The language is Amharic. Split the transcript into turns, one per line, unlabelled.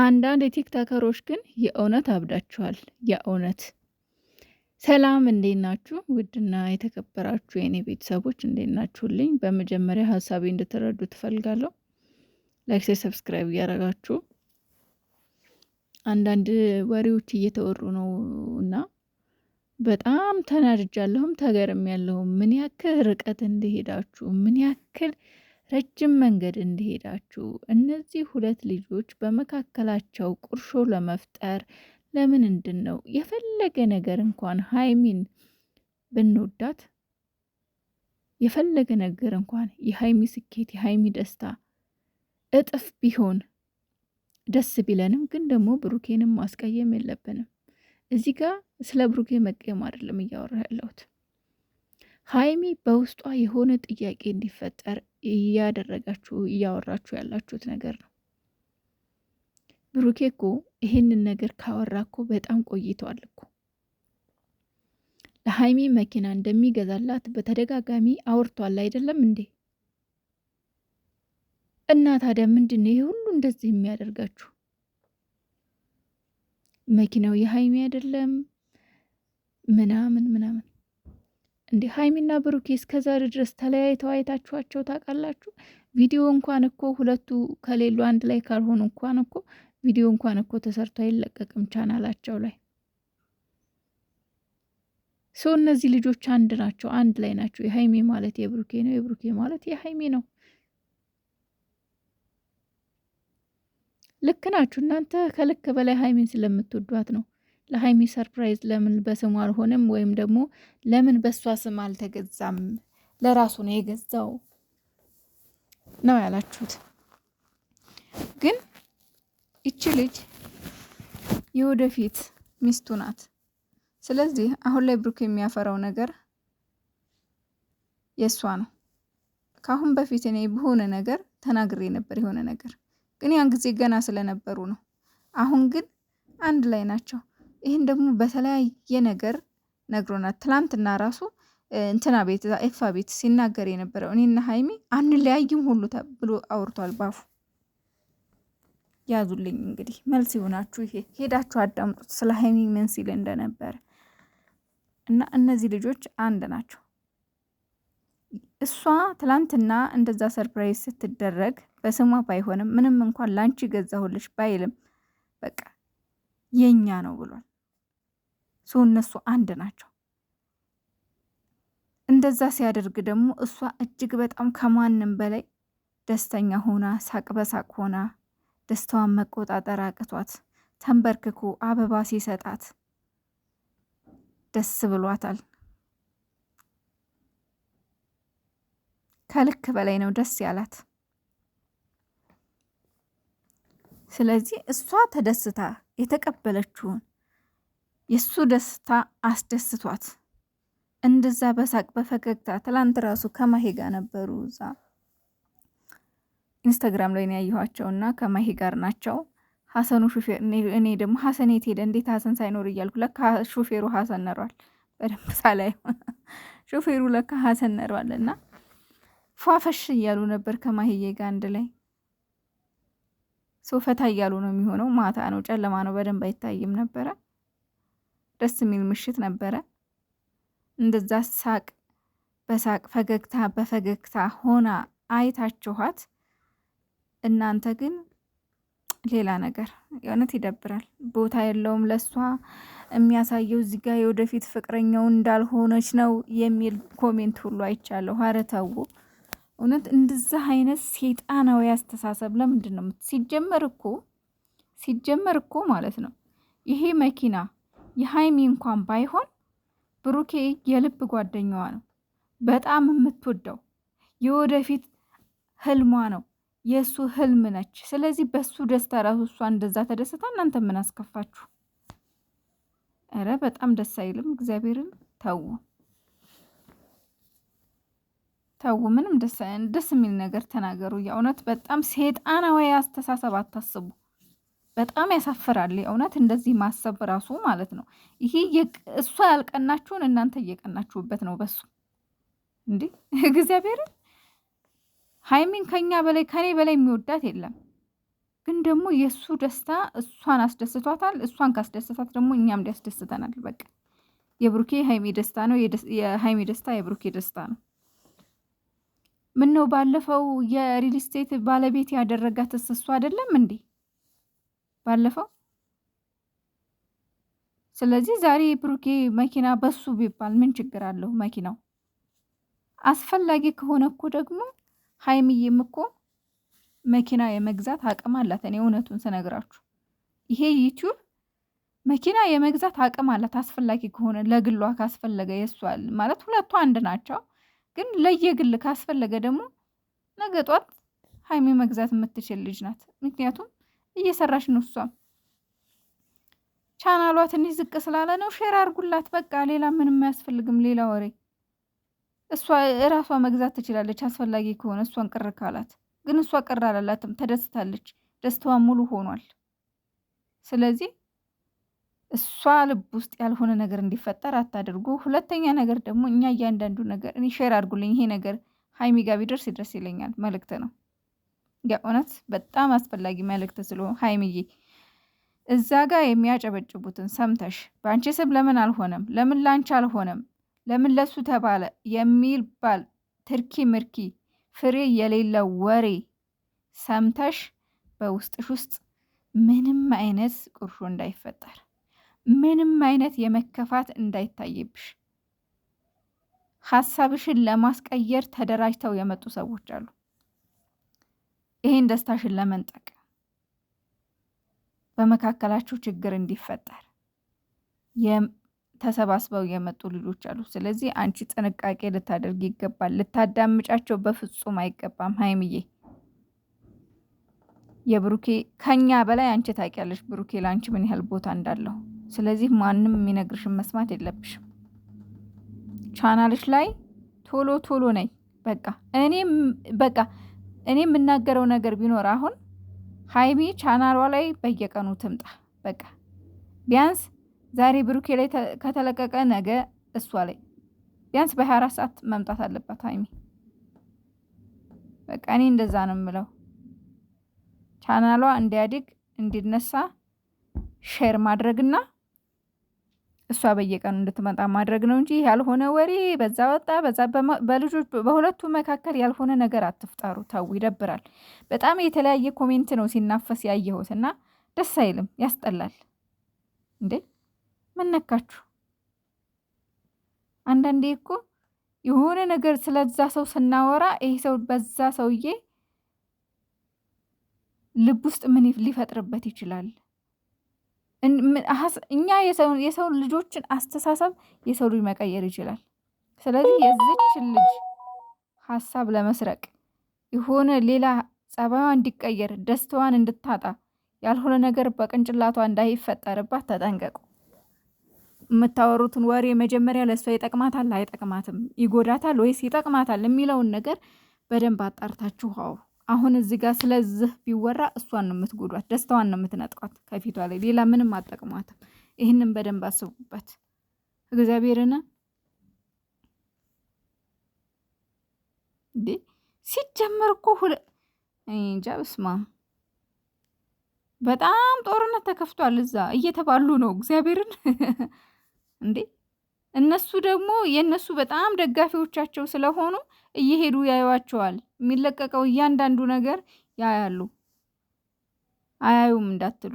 አንዳንድ የቲክታከሮች ግን የእውነት አብዳችኋል። የእውነት ሰላም፣ እንዴት ናችሁ? ውድና የተከበራችሁ የእኔ ቤተሰቦች እንዴት ናችሁልኝ? በመጀመሪያ ሀሳቤ እንድትረዱ ትፈልጋለሁ። ላይክ፣ ሰብስክራይብ እያደረጋችሁ አንዳንድ ወሬዎች እየተወሩ ነው እና በጣም ተናድጃለሁም ተገርም ያለሁም ምን ያክል ርቀት እንደሄዳችሁ ምን ያክል ረጅም መንገድ እንደሄዳችሁ እነዚህ ሁለት ልጆች በመካከላቸው ቁርሾ ለመፍጠር ለምንድን ነው የፈለገ ነገር እንኳን ሀይሚን ብንወዳት የፈለገ ነገር እንኳን የሀይሚ ስኬት የሀይሚ ደስታ እጥፍ ቢሆን ደስ ቢለንም ግን ደግሞ ብሩኬንም ማስቀየም የለብንም። እዚህ ጋር ስለ ብሩኬ መቀየም አይደለም እያወራ ያለሁት። ሀይሚ በውስጧ የሆነ ጥያቄ እንዲፈጠር እያደረጋችሁ እያወራችሁ ያላችሁት ነገር ነው። ብሩኬ እኮ ይህንን ነገር ካወራ እኮ በጣም ቆይተዋል እኮ ለሀይሚ መኪና እንደሚገዛላት በተደጋጋሚ አውርቷል። አይደለም እንዴ? እና ታዲያ ምንድን ነው ይህ ሁሉ እንደዚህ የሚያደርጋችሁ? መኪናው የሀይሚ አይደለም ምናምን ምናምን እንዲህ ሀይሚና ብሩኬ እስከዛሬ ድረስ ተለያይተው አይታችኋቸው ታውቃላችሁ? ቪዲዮ እንኳን እኮ ሁለቱ ከሌሉ አንድ ላይ ካልሆኑ እንኳን እኮ ቪዲዮ እንኳን እኮ ተሰርቶ አይለቀቅም ቻናላቸው ላይ። ሰው እነዚህ ልጆች አንድ ናቸው፣ አንድ ላይ ናቸው። የሀይሜ ማለት የብሩኬ ነው፣ የብሩኬ ማለት የሀይሜ ነው። ልክ ናችሁ እናንተ። ከልክ በላይ ሀይሜን ስለምትወዷት ነው ለሀይሚ ሰርፕራይዝ ለምን በስሙ አልሆነም? ወይም ደግሞ ለምን በእሷ ስም አልተገዛም? ለራሱ ነው የገዛው ነው ያላችሁት። ግን ይቺ ልጅ የወደፊት ሚስቱ ናት። ስለዚህ አሁን ላይ ብሩክ የሚያፈራው ነገር የእሷ ነው። ከአሁን በፊት እኔ በሆነ ነገር ተናግሬ ነበር የሆነ ነገር ግን ያን ጊዜ ገና ስለነበሩ ነው። አሁን ግን አንድ ላይ ናቸው። ይህን ደግሞ በተለያየ ነገር ነግሮናል። ትላንትና ራሱ እንትና ቤት ኤፋ ቤት ሲናገር የነበረው እኔና ሀይሚ አንለያይም ሁሉ ብሎ አውርቷል ባፉ። ያዙልኝ እንግዲህ መልስ ይሆናችሁ። ይሄ ሄዳችሁ አዳምጡት ስለ ሀይሚ ምን ሲል እንደነበረ እና እነዚህ ልጆች አንድ ናቸው። እሷ ትላንትና እንደዛ ሰርፕራይዝ ስትደረግ በስሟ ባይሆንም ምንም እንኳን ላንቺ ገዛሁልሽ ባይልም በቃ የኛ ነው ብሏል። ሰው እነሱ አንድ ናቸው። እንደዛ ሲያደርግ ደግሞ እሷ እጅግ በጣም ከማንም በላይ ደስተኛ ሆና ሳቅ በሳቅ ሆና ደስታዋን መቆጣጠር አቅቷት ተንበርክኮ አበባ ሲሰጣት ደስ ብሏታል። ከልክ በላይ ነው ደስ ያላት። ስለዚህ እሷ ተደስታ የተቀበለችውን የእሱ ደስታ አስደስቷት እንደዛ በሳቅ በፈገግታ ትላንት ራሱ ከማሄ ጋር ነበሩ እዛ ኢንስታግራም ላይ ያየኋቸው እና ከማሄ ጋር ናቸው። ሀሰኑ ሹፌር እኔ ደግሞ ሀሰን የት ሄደ እንዴት ሀሰን ሳይኖር እያልኩ ለካ ሹፌሩ ሀሰን ነሯል። በደንብ ሳላይ ሹፌሩ ለካ ሀሰን ነሯል። እና ፏፈሽ እያሉ ነበር ከማሄዬ ጋር አንድ ላይ ሶፈታ እያሉ ነው የሚሆነው። ማታ ነው ጨለማ ነው በደንብ አይታይም ነበረ። ደስ የሚል ምሽት ነበረ። እንደዛ ሳቅ በሳቅ ፈገግታ በፈገግታ ሆና አይታችኋት እናንተ ግን ሌላ ነገር የእውነት ይደብራል። ቦታ የለውም ለእሷ የሚያሳየው እዚህ ጋ የወደፊት ፍቅረኛው እንዳልሆነች ነው የሚል ኮሜንት ሁሉ አይቻለሁ። ኧረ ተው እውነት እንደዛ አይነት ሴጣናዊ አስተሳሰብ ለምንድን ነው ሲጀመር እኮ ሲጀመር እኮ ማለት ነው ይሄ መኪና የሀይሚ እንኳን ባይሆን ብሩኬ የልብ ጓደኛዋ ነው። በጣም የምትወደው የወደፊት ህልሟ ነው፣ የእሱ ህልም ነች። ስለዚህ በሱ ደስታ ራሱ እሷ እንደዛ ተደስታ እናንተ ምን አስከፋችሁ? እረ በጣም ደስ አይልም። እግዚአብሔርን ተዉ ተዉ፣ ምንም ደስ የሚል ነገር ተናገሩ። የእውነት በጣም ሴጣናዊ አስተሳሰብ አታስቡ። በጣም ያሳፍራል። የእውነት እንደዚህ ማሰብ ራሱ ማለት ነው። ይሄ እሷ ያልቀናችሁን እናንተ እየቀናችሁበት ነው በሱ እንዲህ እግዚአብሔርን ሀይሚን ከኛ በላይ ከኔ በላይ የሚወዳት የለም። ግን ደግሞ የእሱ ደስታ እሷን አስደስቷታል። እሷን ካስደስታት ደግሞ እኛም ሊያስደስተናል። በቃ የብሩኬ ሀይሚ ደስታ ነው፣ የሀይሚ ደስታ የብሩኬ ደስታ ነው። ምን ነው ባለፈው የሪል ስቴት ባለቤት ያደረጋት እሱ አይደለም እንዴ? ባለፈው ስለዚህ ዛሬ የብሩኬ መኪና በሱ ቢባል ምን ችግር አለው? መኪናው አስፈላጊ ከሆነ እኮ ደግሞ ሀይሚዬም እኮ መኪና የመግዛት አቅም አላት። እኔ እውነቱን ስነግራችሁ ይሄ ዩቲዩብ መኪና የመግዛት አቅም አላት። አስፈላጊ ከሆነ ለግሏ ካስፈለገ የሷል ማለት ሁለቱ አንድ ናቸው። ግን ለየግል ካስፈለገ ደግሞ ነገ ጧት ሀይሚ መግዛት የምትችል ልጅ ናት። ምክንያቱም እየሰራች ነው። እሷም ቻናሏ ትንሽ ዝቅ ስላለ ነው። ሼር አርጉላት። በቃ ሌላ ምንም አያስፈልግም። ሌላ ወሬ እሷ እራሷ መግዛት ትችላለች፣ አስፈላጊ ከሆነ እሷን ቅር ካላት። ግን እሷ ቅር አላላትም፣ ተደስታለች። ደስታዋ ሙሉ ሆኗል። ስለዚህ እሷ ልብ ውስጥ ያልሆነ ነገር እንዲፈጠር አታድርጉ። ሁለተኛ ነገር ደግሞ እኛ እያንዳንዱ ነገር እኔ ሼር አርጉልኝ፣ ይሄ ነገር ሀይሚ ጋ ቢደርስ ይደርስ ይለኛል መልእክት ነው። የእውነት በጣም አስፈላጊ መልእክት ስለሆነ ሀይምዬ እዛ ጋር የሚያጨበጭቡትን ሰምተሽ በአንቺ ስም ለምን አልሆነም፣ ለምን ላንቺ አልሆነም፣ ለምን ለሱ ተባለ የሚል ባል ትርኪ ምርኪ ፍሬ የሌለው ወሬ ሰምተሽ በውስጥሽ ውስጥ ምንም አይነት ቁርሾ እንዳይፈጠር፣ ምንም አይነት የመከፋት እንዳይታይብሽ። ሀሳብሽን ለማስቀየር ተደራጅተው የመጡ ሰዎች አሉ። ይሄን ደስታሽን ለመንጠቅ በመካከላችሁ ችግር እንዲፈጠር ተሰባስበው የመጡ ልጆች አሉ። ስለዚህ አንቺ ጥንቃቄ ልታደርግ ይገባል። ልታዳምጫቸው በፍጹም አይገባም። ሀይምዬ የብሩኬ ከኛ በላይ አንቺ ታውቂያለሽ ብሩኬ ለአንቺ ምን ያህል ቦታ እንዳለው። ስለዚህ ማንም የሚነግርሽን መስማት የለብሽም። ቻናልሽ ላይ ቶሎ ቶሎ ነይ በቃ እኔም በቃ እኔ የምናገረው ነገር ቢኖር አሁን ሀይሚ ቻናሏ ላይ በየቀኑ ትምጣ። በቃ ቢያንስ ዛሬ ብሩኬ ላይ ከተለቀቀ ነገ እሷ ላይ ቢያንስ በ24 ሰዓት መምጣት አለባት ሀይሚ። በቃ እኔ እንደዛ ነው የምለው። ቻናሏ እንዲያድግ እንዲነሳ ሼር ማድረግና እሷ በየቀኑ እንድትመጣ ማድረግ ነው እንጂ ያልሆነ ወሬ በዛ ወጣ በዛ በልጆች በሁለቱ መካከል ያልሆነ ነገር አትፍጠሩ። ተው፣ ይደብራል። በጣም የተለያየ ኮሜንት ነው ሲናፈስ ያየሁት እና ደስ አይልም፣ ያስጠላል። እንዴ ምን አንዳንዴ እኮ የሆነ ነገር ስለዛ ሰው ስናወራ ይሄ ሰው በዛ ሰውዬ ልብ ውስጥ ምን ሊፈጥርበት ይችላል እኛ የሰው ልጆችን አስተሳሰብ የሰው ልጅ መቀየር ይችላል። ስለዚህ የዚች ልጅ ሀሳብ ለመስረቅ የሆነ ሌላ ጸባዋ እንዲቀየር ደስታዋን እንድታጣ ያልሆነ ነገር በቅንጭላቷ እንዳይፈጠርባት ተጠንቀቁ። የምታወሩትን ወሬ መጀመሪያ ለእሷ ይጠቅማታል አይጠቅማትም፣ ይጎዳታል ወይስ ይጠቅማታል የሚለውን ነገር በደንብ አጣርታችሁ አውሩ። አሁን እዚህ ጋር ስለዚህ ቢወራ እሷን ነው የምትጎዷት፣ ደስታዋን ነው የምትነጥቋት ከፊቷ ላይ ሌላ ምንም አጠቅሟትም። ይህንን በደንብ አስቡበት። እግዚአብሔርን እንዴ ሲጀመር እኮ ሁለ እንጃ ብስማ በጣም ጦርነት ተከፍቷል። እዛ እየተባሉ ነው እግዚአብሔርን እንዴ እነሱ ደግሞ የእነሱ በጣም ደጋፊዎቻቸው ስለሆኑ እየሄዱ ያዩዋቸዋል። የሚለቀቀው እያንዳንዱ ነገር ያያሉ። አያዩም እንዳትሉ